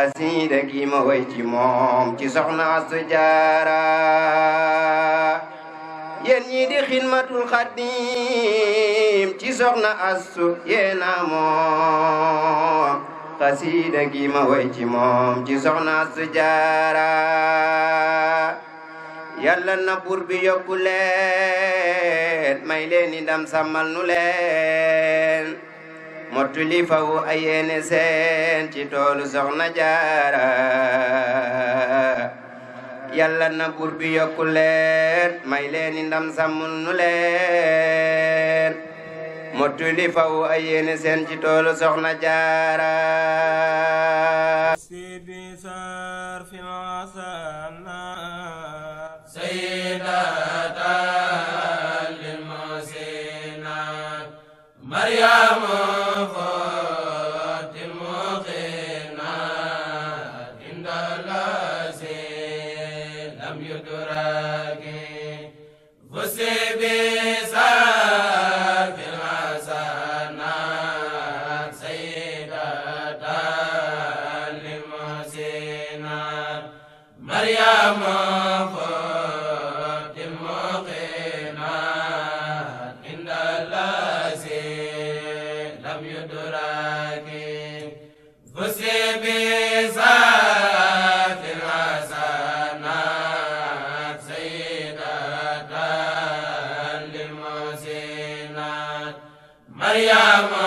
xasiida gi ma way ci moom ci soxna astu jaara yéen ñi di xidmatul xadim ci soxna astu yeena moom xasiida gi way ci moom ci soxna astu jaara yàlla na buur bi yokku leen may leen ndam sàmmal nu leen mottuli faw a yéene seen ci toolu soxna jaara yàlla na buur bi yokku leen may leeni ndam sàmmul nu leen mottuli faw a yéene seen ci toolu soxna jaara Maryama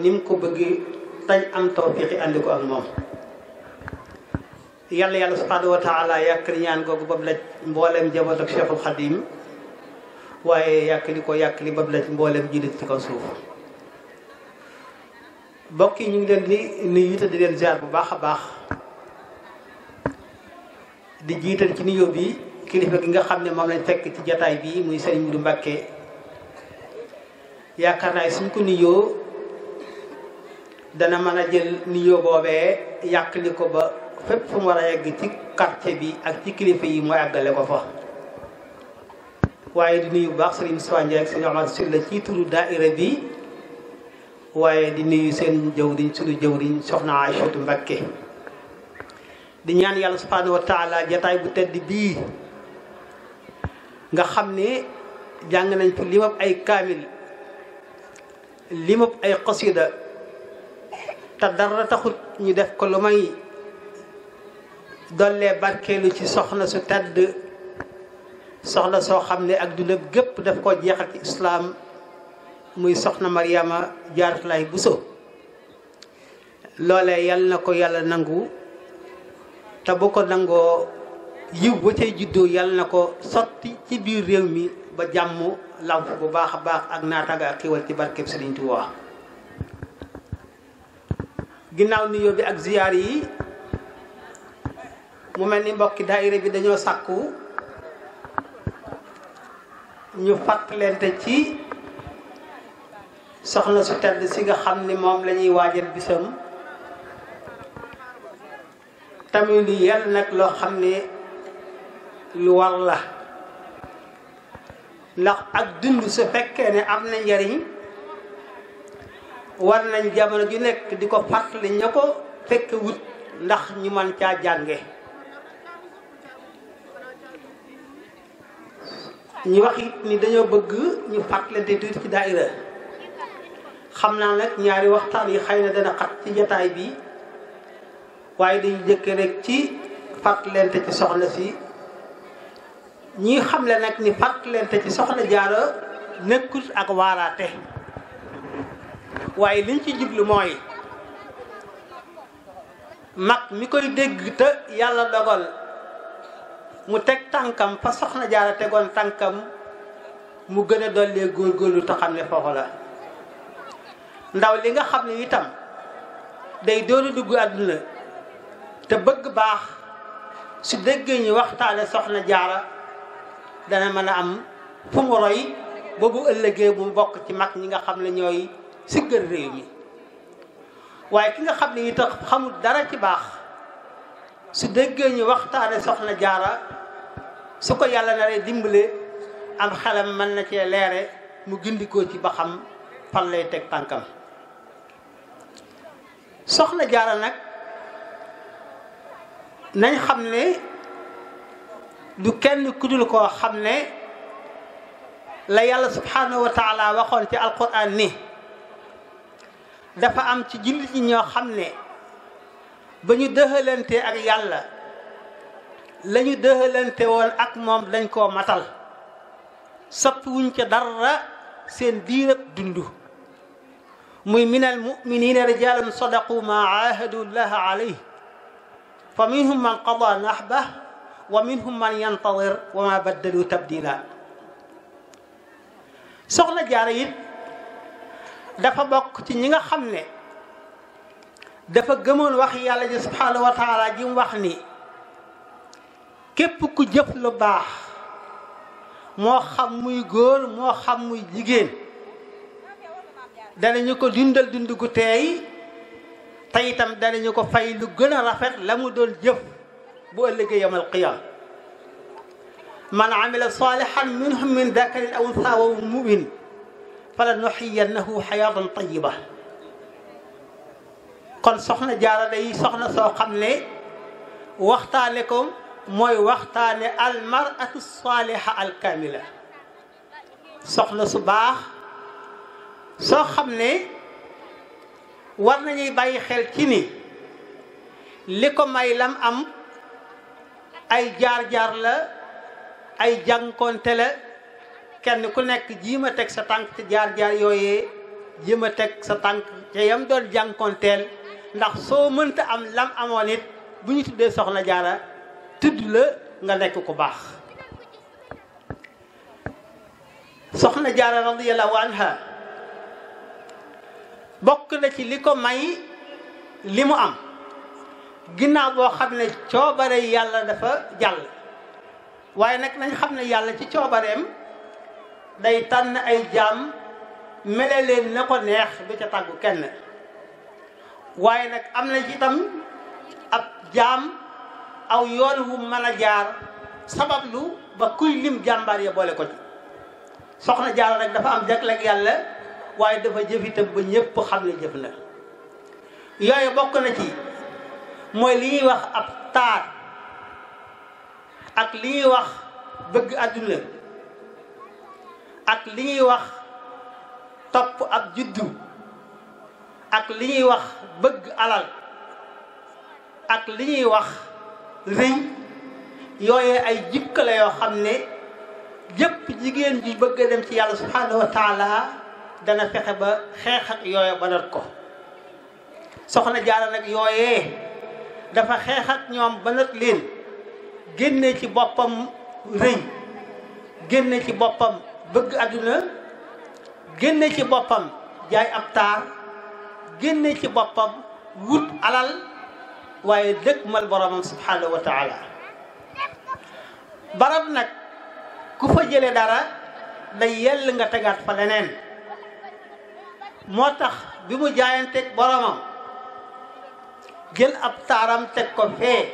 ni mu ko bëggee tañ am tawfiqi andi ko ak moom yàlla yàlla subhaanahu wa taala yàkkali ñaan googu bab laj mbooleem jaboot ak cheikhul xadim waaye yàkkali ko yàkkali bab laj mbooleem jullit ci kaw suuf mbokk yi ñu ngi leen ni nuyu te di leen ziar bu baax a baax di jiital ci nuyoo bi kilifa gi nga xam ne moom lañ fekk ci jataay bi muy sëriñ Mudu Mbàkke yaakaar naa suñ ko nuyoo dana mën a jël nuyoo boobee yàqli ko ba fépp fu mu war a yegg ci quartier bi ak ci kilifa yi mu àggale ko fa waaye di nuyu baax sëriñ Sow Ndiaye ak sëriñ Omar Sylla ci turu daaira bi waaye di nuyu seen jëwriñ sunu jëwriñ soxna Aïchatu Mbakke di ñaan yàlla subhaanahu wa taala jataay bu tedd bii nga xam ne jàng nañ fi limab ay kaamil limab ay te dara taxut ñu def ko lu may dollee barkeelu ci soxna su tàdd soxna soo xam ne ak dundam gépp daf koo jeexal ci islaam muy soxna Mariama Jaaratullaay Buso loolee yal na ko yàlla nangu te bu ko nangoo yiw ba cay juddoo yal na ko sotti ci biir réew mi ba jàmm lamp bu baax a baax ak naataga ak xiwal ci barkeb Sëriñ Tuubaa ginnaaw nuyoo bi ak ziyaar yi mu mel ni mbokki daayira bi dañoo sàkku ñu fàttalente ci soxna su tedd si nga xam ni moom lañuy ñuy waajal bisam tamit lu yel nag loo xam ne lu war la ndax ak dund su fekkee ne am na njariñ war nañ jamono ju nekk di ko fàttali ña ko fekk wut ndax ñu man caa jànge ñu wax ni dañoo bëgg ñu fàttalante tuuti ci daayira xam naa nag ñaari waxtaan yi xay na dana xat ci jataay bi waaye dañu jëkke rek ci fàttalante ci soxna si ñi xamle nag ni fàttalante ci soxna jaaro nekkut ak waaraate waaye liñ ci jublu mooy mag mi koy dégg te yàlla dogal mu teg tànkam fa soxna jaara tegoon tànkam mu gën a dollee góorgóorlu te xam ne foofu la ndaw li nga xam ne itam day doon dugg àdduna te bëgg baax su déggee ñu waxtaane soxna jaara dana mën a am fu mu roy boobu ëllëgee mu bokk ci mag ñi nga xam ne ñooy siggal réew mi waaye ki nga xam ne itam xamul dara ci baax su déggee ñu waxtaane soxna jaara su ko yàlla naree dimbale am xelam mën na cee leere mu gindikoo ci ba xam fan lay teg tànkam soxna jaara nag nañ xam ne du kenn kudul koo xam ne la yàlla subhanahu wa taala waxoon ci alquran ni dafa am ci jullit ñi ñoo xam ne ba ñu dëxalante ak yàlla la ñu dëxalante woon ak moom lañ koo matal soppi wuñ ca dara seen diirab dundu muy min al muminina rijalun ma aahadu llaha alayh fa minhum man qada nahba wa minhum man yantadir wa ma baddalu tabdila soxna jaara it dafa bokk ci ñi nga xam ne dafa gëmoon wax yàlla ji subhaanahu wa taala ji wax ni képp ku jëf lu baax moo xam muy góor moo xam muy jigéen ñu ko dundal dund gu teey te itam danañu ko fay lu gën a rafet la mu doon jëf bu ëllëgee yawmal qiyaam man amila salihan minhum min dakarin aw unsaa wa mu'min falanuxiyannahu xayaatan tayiba kon soxna jaara day soxna soo xam ne waxtaane ko mooy waxtaane almaratu saaliha alkaamila soxna su baax soo xam ne war nañuy bàyyi xel ci ni li ko may lam am ay jaar-jaar la ay jànkonte la kenn ku nekk jii ma teg sa tànk ci jaar-jaar yooyee jii ma teg sa tànk ca yam doon jànkoonteel ndax soo mënta am lam amoon it bu ñu tuddee soxna jaara tudd la nga nekk ko baax soxna jaara radiyallahu anha bokk na ci li ko may li mu am ginnaaw boo xam ne coobare yàlla dafa jàll waaye nag nañ xam ne yàlla ci coobareem day tànn ay jaam mele na ko neex du ca tàggu kenn waaye nag am na ci itam ab jaam aw yoon wu mën a jaar sabablu ba kuy lim jàmbaar ya boole ko ci soxna jaar rek dafa am jagleel ak yàlla waaye dafa jëf itam ba ñëpp xam ne jëf la yooyu bokk na ci mooy li ñuy wax ab taar ak li ñuy wax bëgg àdduna ak li ñuy wax topp ak juddu ak li ñuy wax bëgg alal ak li ñuy wax rëy yooyee ay jikko yoo xam ne jëpp jigéen ji bëgg a dem ci yàlla subhanahu wa dana fexe ba xeex ak yooye ba ko soxna jaara nag yooyee dafa xeexat ak ñoom ba leen génne ci boppam rëy génne ci boppam bëgg àdduna génne ci boppam jaay ab taar génne ci boppam wut alal waaye dëkk mal boromam subhanahu wa taala barab nag ku fa jële dara day yell nga tegaat fa leneen moo tax bi mu jaayanteeg boromam jël ab taaram teg ko fee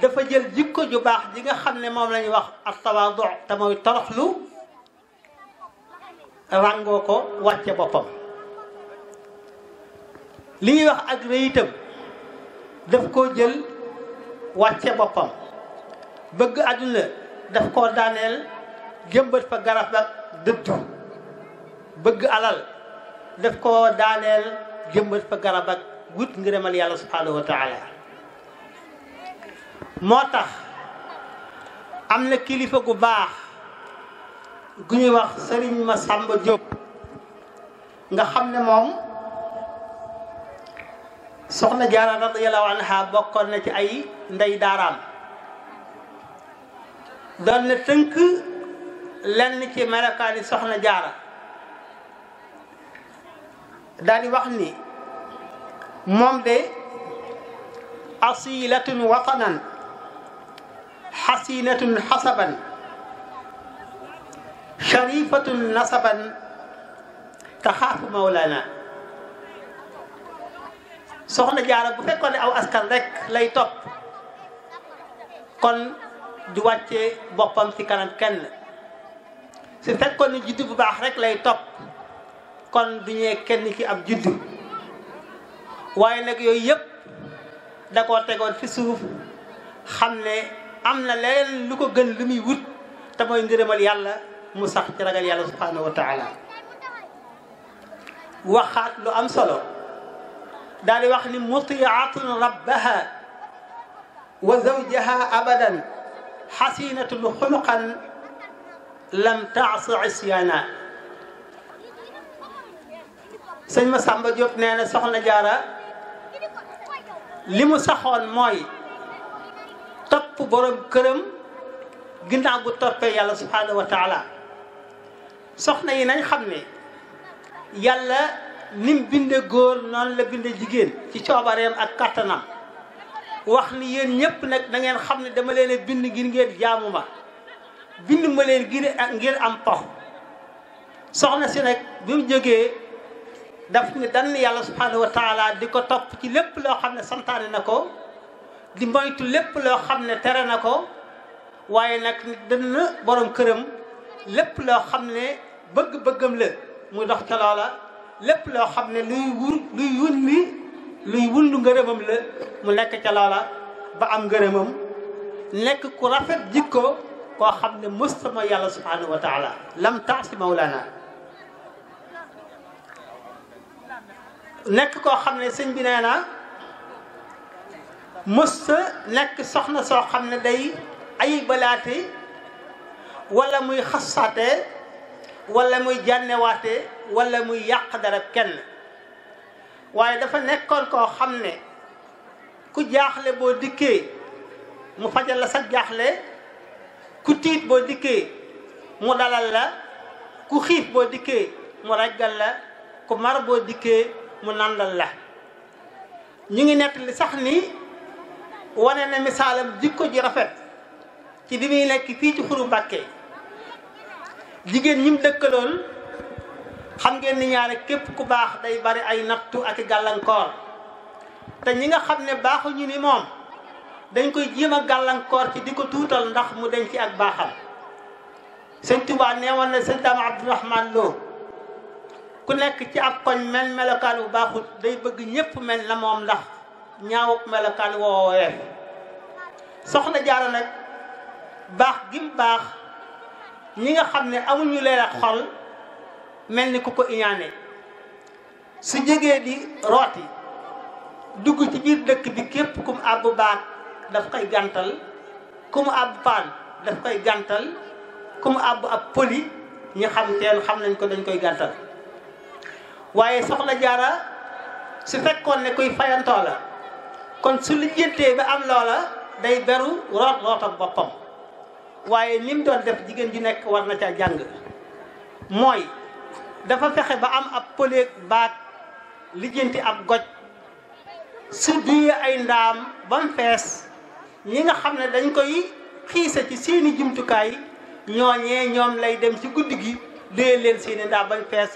dafa jël ko ju baax ji nga xam ne moom la wax ab tawaadu te mooy toroxlu ràngoo ko wàcce boppam li ñuy wax ak rëy itam daf koo jël wàcce boppam bëgg àdduna daf koo daaneel jëmbat fa garab ak dëddu bëgg alal daf ko daaneel jëmbët fa garab ak wut ngërëmal yàlla subhaanahu wa taala moo tax am na kilifa gu baax gu ñuy wax ma Massamba Diop nga xam ne moom soxna Jaara radiyallahu anha bokkoon na ci ay ndey daaraam doon na tënk lenn ci melokaani soxna Jaara daal di wax ni moom de asilatun watanan xasinatun xasaban sharifatun nasaban taxaafu mawlana soxna jaara bu fekkoon ne aw askan rek lay topp kon du wàccee boppam ci kanam kenn su fekkoon ne juddu bu baax rek lay topp kon du ñee kenn ci ab juddu waaye nag yooyu yëpp da koo tegoon fi suuf xam ne am na leen lu ko gën lu muy wut te mooy ngërëmal yàlla mu sax ci ragal yàlla subhanahu wa taala waxaat lu am solo daal di wax ni mutiatun rabbaha wa zawjaha abadan xasinatun xuluqan lam taasi isyaana sëñ ma Samba Diop nee na soxna jaara li mu saxoon mooy topp borom këram ginnaaw bu toppee yàlla subhanahu wa taala soxna yi nañ xam ne yàlla nim binde góor noonu la binde jigéen ci coobareem ak kattanam wax ni yéen ñëpp nag na ngeen xam ne dama leen bind ngir ngeen jaamu ma bind ma leen ngir am pax soxna si nag bi mu jógee daf ni dann yàlla subhanahu di ko topp ci lépp loo xam ne santaane na ko di moytu lépp loo xam ne tere na ko waaye nag dana borom këram lépp loo xam ne bëgg-bëggam la muy dox ca loola lépp loo xam ne luy wur luy wun li luy wundu ngërëmam la mu nekk ca loola ba am ngërëmam nekk ku rafet jikko koo xam ne mustama yàlla subhanahu wa taala lam taasi mawlana nekk koo xam ne sëñ bi nee na mësta nekk soxna soo xam ne day ay balaate wala muy xasaate wala muy jànnewaate walla muy yàq dara kenn waaye dafa nekkoon koo xam ne ku jaaxle boo dikkee mu fajal la sa jaaxle ku tiit boo dikkee mu dalal la ku xiif boo dikkee mu raggal la ku mar boo dikkee mu nandal la ñu ngi nekk li sax ni wane na misaalam jikko ji rafet ci bi muy nekk fii ci xuru Mbàkke jigéen ñi mu dëkkaloon xam ngeen ni ñaare képp ku baax day bari ay nattu ak gàllankoor te ñi nga xam ne baaxuñu ni moom dañ koy jéem a gàllankoor ci di ko tuutal ndax mu denc ci ak baaxam sëñ Tuubaa nee woon na sëñ Daam Abdourahman ku nekk ci ab koñ mel melokaan baaxut day bëgg ñépp mel na moom ndax ñaawub melokaan woowee soxna jaara baax gi mu baax ñi nga xam ne amuñu leen a xol mel ni ku ko iñaane su jógee di rooti dugg ci biir dëkk bi képp ku mu àbb baat daf koy gàntal ku mu àbb paan daf koy gàntal ku àbb ab poli ñu xam teen xam nañ ko dañ koy gàntal waaye soxla jaara su fekkoon ne kuy fayantoo la kon su lijjantee ba am loola day beru root rootam boppam waaye lim doon def jigéen ju nekk war na ca jàng mooy dafa fexe ba am ab pëleeg baat lijjanti ab goj su duyee ay ndaam ba mu fees ñi nga xam ne dañ koy xiisa ci seeni jumtukaay ñooñee ñoom lay dem ci guddi gi duyee leen seeni ndaam ba fees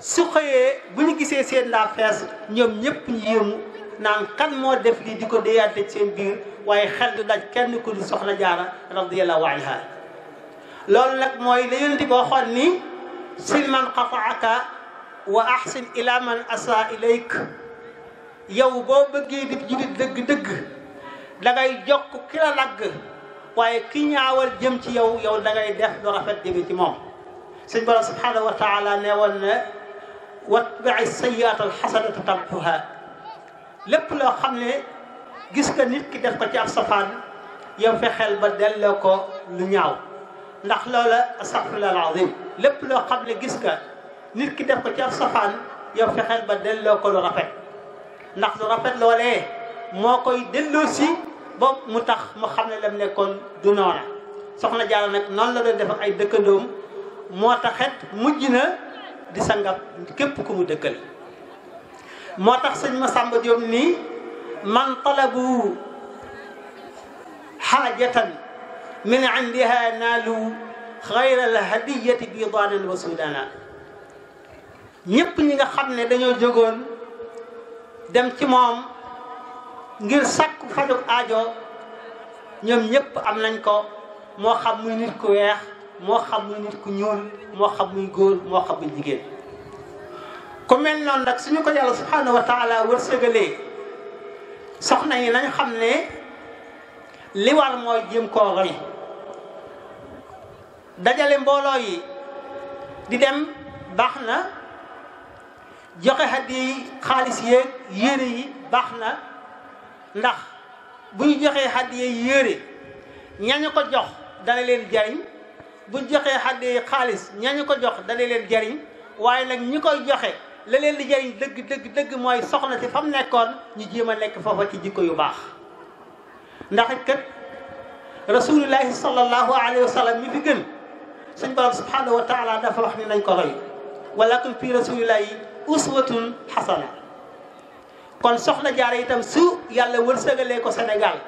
su xëyee bu ñu gisee seen ndaam fees ñoom ñëpp ñu yéemu naan kan moo def lii di ko déyaate seen biir waaye xel du daj kenn ku di soxna jaara radiyallahu anha loolu nag mooy la yonent bi waxoon ni sil man qataaka wa ahsin ila man asa ilayk yow boo bëggee di julit dëgg-dëgg da ngay jokk ki waaye ki ñaawal jëm ci yow yow da ngay def lu ci moom suñ borom subhanahu wa taala ne woon na watbaci sayiat alxasanata tamxuha lépp loo xam ne gis nga nit ki def ko ci ab safaan yow fexeel ba delloo ko lu ñaaw ndax loola astaghfirullah alazim lépp loo xam ne gis nga nit ki def ko ci ab safaan yow fexeel ba delloo ko lu rafet ndax lu rafet loolee moo koy delloo si ba mu tax mu xam ne lam nekkoon du noona soxna Jaara nag noonu la doon def ay dëkkandoom moo taxet mujj na di sangab képp ku mu dëkkal moo tax sëñ Masamba Diop nii man talabu xaajatan min indiha naalu xayra al hadiyati bidaanan wa sudana ñëpp ñi nga xam ne dañoo jógoon dem ci moom ngir sàkku faju aajo ñoom ñëpp am nañ ko moo xam muy nit ku weex moo xam muy nit ku ñuul moo xam muy góor moo xam muy jigéen ku mel noonu nag suñu ko yàlla subhanahu wa taala wërsëgalee soxna yi nañ xam ne li war mooy jéem koo roy dajale mbooloo yi di dem baax na joxe xaddi yi xaalis yéeg yére yi baax na ndax bu ñu joxee xaddi yi yére ñañu ko jox dana leen jariñ bu ñu joxee xaddi xaalis ñañu ko jox dana leen jariñ waaye nag ñu koy joxe la leen di dëgg dëgg dëgg mooy soxna ci fa mu nekkoon ñu jéem a nekk foofa ci jikko yu baax ndax kat rasulullahi sallallahu alayhi wa sallam mi fi gën suñ borom subhanahu wa taala dafa wax ni nañ ko roy walakum fi rasulillahi uswatun xasana kon soxna jaara itam su yàlla wërsëgalee ko Sénégal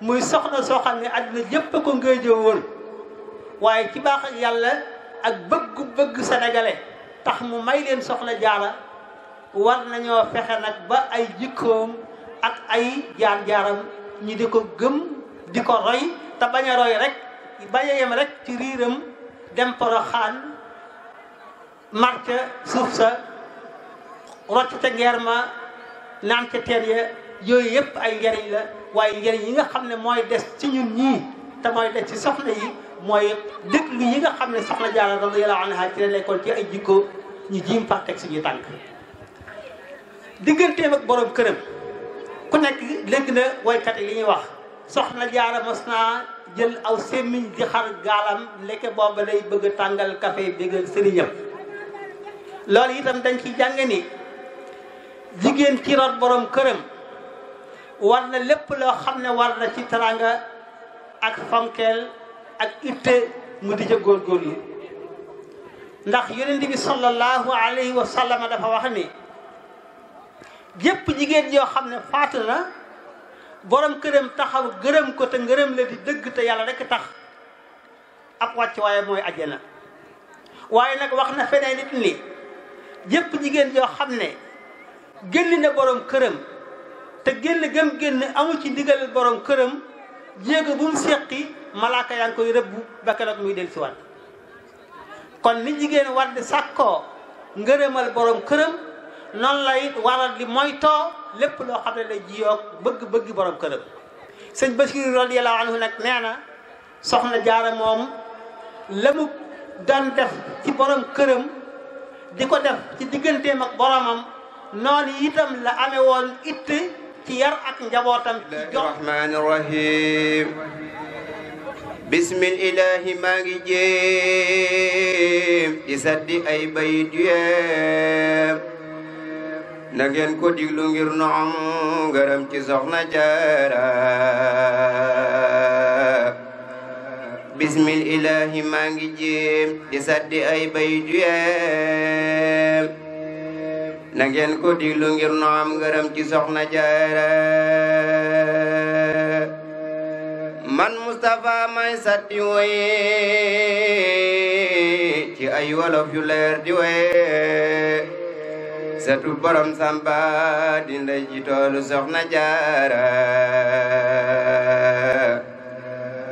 muy soxna soo xam ne àdduna yépp ko ngëjoo woon waaye ci baax ak yàlla ak bëggu bëgg sénégalais tax mu may leen soxna jaara war nañoo fexe nag ba ay jikkoom ak ay jaar jaaram ñi di ko gëm di ko roy te bañ rek bañ a yem rek ci riiram dem poroxaan marca suuf sa rocc ca ngeer ma naan ca teen ya yooyu yëpp ay njariñ la waaye njariñ yi nga xam ne mooy des ci ñun ñii te mooy des ci soxna yi mooy déglu yi nga xam ne soxna jaara radiyallahu anha ci la nekkoon ci ay jikko ñu jiim faa teg suñuy tànk digganteem ak boroom këram ku nekk léegi na woykat yi li ñuy wax soxna jaara mos naa jël aw sémmiñ di xar gaalam lekke booba lay bëgg tàngal café déggal sëriñam loolu itam dañ ci jànge ni jigéen ci root borom këram war na lépp loo xam ne war na ci taranga ak fonkeel ak itte mu di ca yi ndax yonent bi sallallahu alayhi wa sallam dafa wax ni jëpp jigéen yoo xam ne faat na borom këram taxaw gërëm ko te ngërëm la di dëgg te yàlla rek tax ab wàcc waaye mooy àjjana waaye nag wax na feneen ni jëpp jigéen yoo xam ne génn na borom këram te génn gëm génn amu ci ndigal borom këram jéego bu mu séqi malaaka yaa koy rëbbu ba keroog muy dellusiwaat kon li jigéen war di sàkkoo ngërëmal borom këram noonu lay it waral di moytoo lépp loo xam ne la jiyoog bëgg-bëggi borom këram sëñ Basiru radiyallahu anhu nag nee na soxna jaara moom la mu daan def ci borom këram di ko def ci digganteem ak boromam noonu itam la ame woon it ci yar ak njabootam ci jox rahmaani bismil ilaahi maa ngi jéem di saddi ay bay yeem na ngeen ko diglu ngir no am ngaram ci soxna jaara bismil ilaahi maa ngi jéem di saddi ay bayit yeem na ngeen ko diglu ngir no ngaram ci soxna jaara man Moustapha may sat di woye ci ay wolof yu leer di woye satu borom samba di ndey ji toolu soxna jaara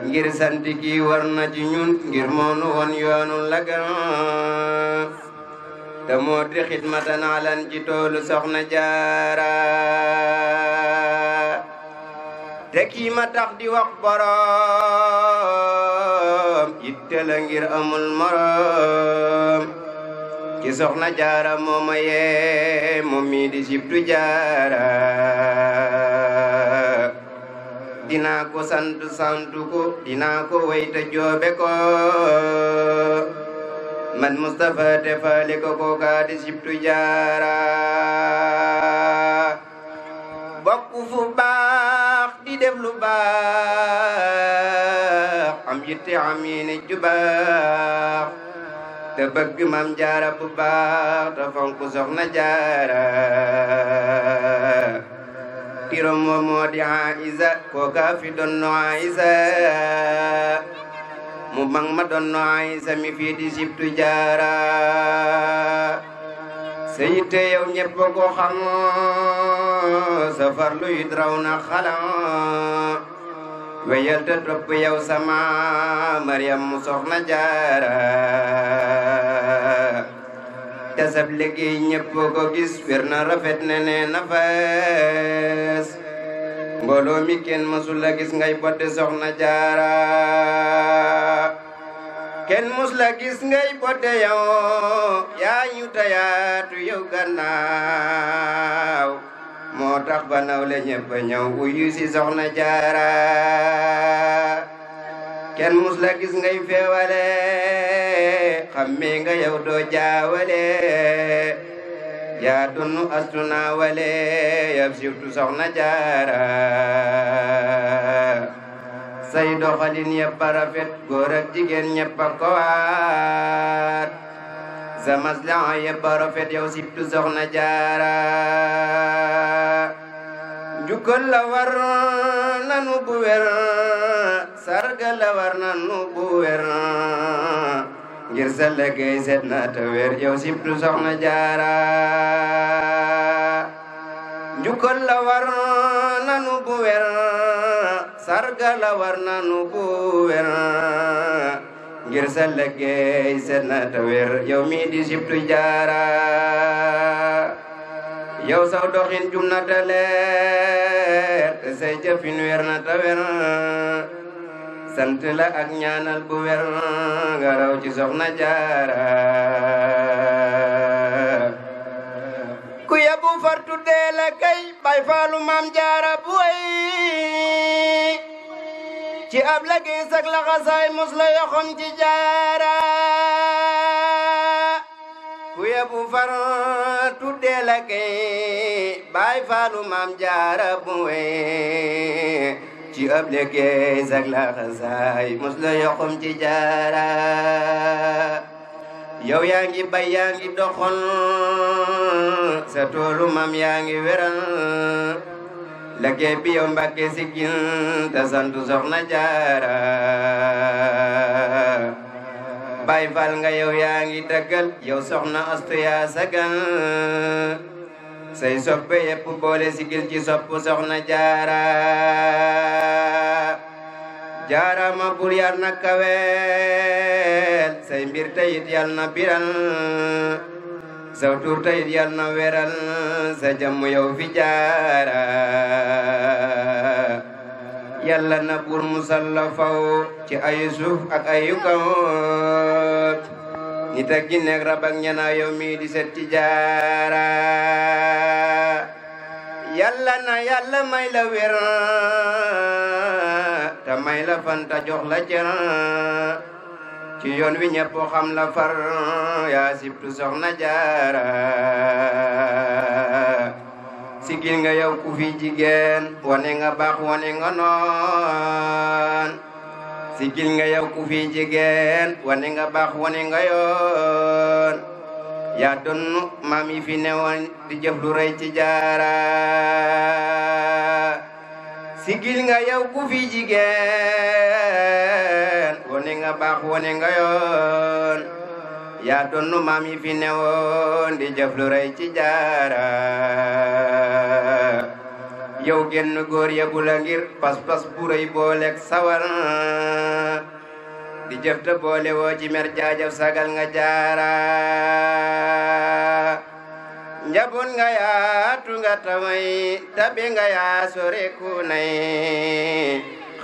ngir sant gi war na ci ñun ngir moonu won yoonu lagan te di xidmatan alan ji toolu soxna jaara te kii tax di wax borom itte la ngir amul morom ki soxna jaara mooma yee moom di sibtu jaara dinaa ko sant sant ko dinaa ko wayta joobe ko man Moustapha te faale ko kookaa di jaara bokk fu baa baax am yitte am yéene ju baax bëgg maam jaara bu baax te fonk soxna jaara tiram wa moo di Aiza kooka fi donno Aiza mu mag ma donno Aiza mi fii di sibtu jaara sa yitte yow ñëpp ko safar luy draw na xalam weyal te topp yow sama Mariam mu soxna jaara te sab liggéey gis wér rafet ne ne na kenn mësul la gis ngay botte soxna jaara kenn mus la gis ngay botte yow yaa ñu tayaatu yow gannaaw moo tax ba nawle ñëpp ñëw uyu soxna jaara kenn mus la gis ngay feewale xammi doo jaawale yaa dunnu astuna wale yab soxna jaara say doxalin yëpp a rafet jigéen ñëpp a ko waat sa maslaha yëpp a soxna jaara njukkal la war nanu wer sargal la war nanu bu wer ngir sa liggéey set na wer yow sibtu soxna jaara njukkal la war nanu bu wer sargal la war nanu wer ngir sa liggéey set na wer yow mi di sibtu jaara yow saw doxin jum leer say jëfin wer ta wer sant la ak ñaanal bu wer nga raw ci soxna jaara ku yabu fartu dee la kay bay faalu jaara bu way ci ab la gey sak la yoxom ci jaara ku yebu far tuddee la kay baay faalu maam jaara bu wee ci ëpp liggéey sag la xasaay mos la yokkum ci jaara yow yaa ngi bay yaa ngi doxoon sa toolu maam yaa ngi weral liggéey bi yow mbàkke si gin te santu jaara bay fal nga yow yaa ngi daggal yow soxna astu yaa sagal say soppe yépp boole sigil ci sopp soxna jaara jaara ma bur na kaweel say mbir tayit yal na biral saw tuur tayit yal na weral sa jàmm yow fi jaara yàlla na buur musal ci ay suuf ak ay kaw nit ak jinne ak rab ak ñanaa yow mii di set ci jaara na yàlla may la wér te may la fanta jox ci yoon wi ñëpp xam la far yaa sibtu soxna jaara sigil nga yow ku fi jigéen wane nga baax wane nga noon sigil nga yow ku fi jigéen wane nga baax wane nga yoon yaa doon maam yi fi newoon di jëf lu rëy ci jaara sigil nga yow ku fi jigéen wane nga baax wane nga yoon yaa donnu maam yi fi newoon di jëf ci jaara yow genn góor yebu la ngir pas-pas bu rëy booleeg sawar di boole woo mer jaajëf sagal nga jaara njaboot nga yaa tu nga tamay tabe nga yaa sore ku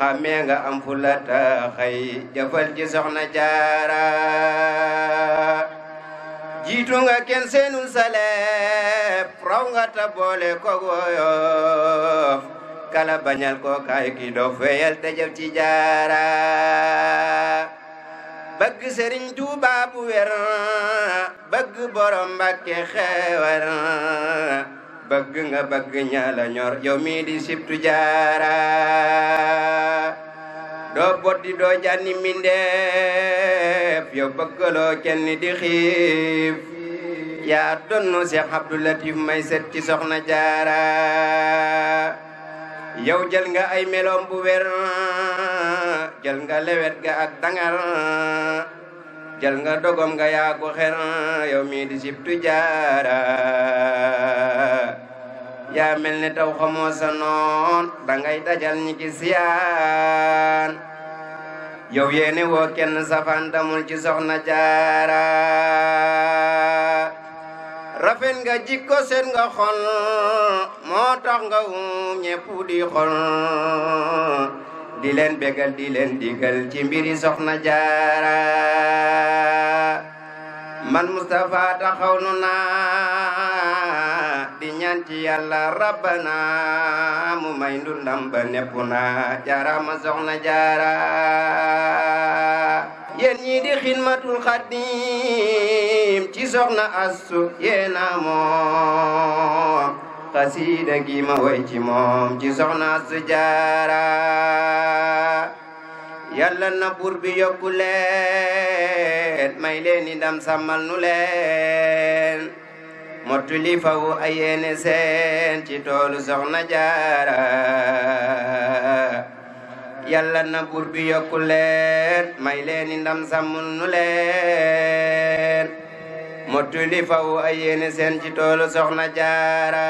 xamee nga am fulla taxay jëfal ci soxna jaara jiitu nga kenn seenul salep raw nga ta boole ko goyof kala bañal ko kay ki do feyal te jëf ci jaara bëgg sëriñ Tuuba bu bëgg borom Mbàkke xewar bëgg nga bëgg ña ñor yow di sibtu jaara doo boddi doo jànni mindeef yow bëggaloo kenn di xiif yaa donnu Cheikh Abdou Latif may set ci soxna jaara yow jël nga ay meloom bu wér jël nga lewet ga ak dangar jël nga dogom nga yaa ko xer yow mii di sibtu jaara yaa mel ne taw xamoo sa noon dangay dajal ñi ki siyaan yow yéene woo kenn safaan damul ci soxna jaara rafet nga jikko seen nga xol moo tax nga um ñepp xol di leen bégal di leen digal ci mbiri soxna jaara man Moustapha taxaw nu ñaan ci yàlla rabbana mu may ndundam ba nepp na jaarama soxna jaara yéen ñii di xidmatul xadim ci soxna astu yéena moom xasiida gi ma woy ci moom ci soxna astu jaara yàlla na buur bi leen may leen i ndam sàmmal nu leen mottuli faw ay yéene seen ci toolu soxna jaara yàlla na buur bi yokku leen may leeni ndam sàmmul nu leen mottuli faw ay yéene seen ci toolu soxna jaara